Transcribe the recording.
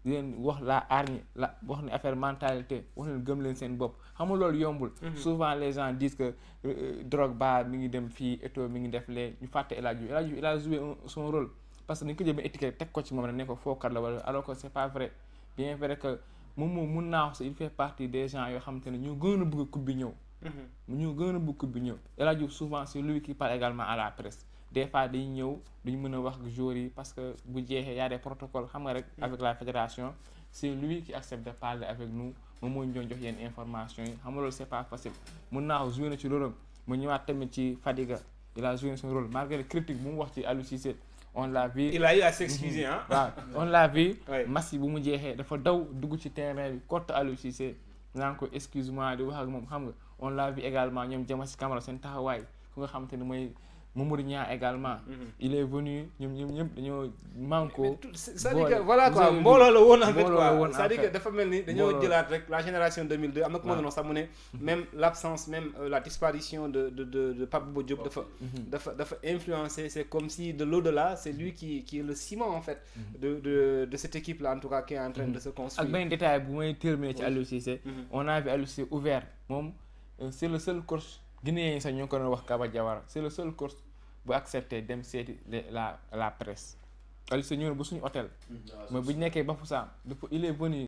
di leen wax la hargne la wax ne affaire mentalité wax leen gëm leen seen bopp xam nga loolu yombul. Mhm. souvent les gens disent que euh, euh, Drogba mi ngi dem fii eto mi ngi def lee ñu fàtte El Hadj Diouf El il a joué son rôle. parce que ni ko jël étiquette teg ko ci moom rek ne ko fookat la wala alors que c' est pas vrai bien vrai que moom moom mun naa wax il fait partie des gens yoo xam te ne ñoo gën a bëgg coupe bi ñëw. Mhm. ñu gën a bëgg coupe bi ñëw El Hadj souvent c' est lui qui parle également à la presse des fois dañ ñëw duñ mën a wax joueurs yi parce que bu jeexee y a des protocoles xam nga rek mm. avec la fédération c'est lui qui accepte de parler avec nous moom moo ñu doon jox yenn information yi xam nga loolu c'est pas facile mun naa joué na ci rôle mu ñëwaat tamit ci Fadiga il a joué son rôle malgré critique bu mu wax ci Aliou Cissé on l'a vu. il a eu à s'excuser ah. waaw on l'a vu. match bu mu jeexee dafa daw dugg ci terrain bi côté Aliou Cissé naan ko excuse-moi di wax ak moom xam nga on l'a vu également ñoom Diamasy Camara seen taxawaay ku nga xam te mooy. Mamoudou Niang également. Mm-hmm. Mm-hmm. il est venu ñoom ñoom ñëpp dañoo manko. c'est-à-dire que voilà quoi mbooloo la woon en fait quoi c'est-à-dire que dafa mel ni dañoo rek la génération 2002 avec na ku sax mu mm-hmm. même l'absence même euh, la disparition de de de de Pape Bouba Diop dafa. dafa dafa influencer c'est comme si de l'au-delà c'est lui qui qui est le ciment en fait. de de de cette équipe là en tout cas qui est en train de se construire. Avec un détail bu may terminer ci Aliou Cissé. on a vu Aliou Cissé ouvert euh, c'est le seul coach. Guinéens yi sax ñu ngi ko doon wax Kaba Jawara c' est le seul course bu accepté dem seeti la la presse. Aliou Sow ñëw na ba suñu hôtel. mooy bu ñu nekkee Bafoussam il est venu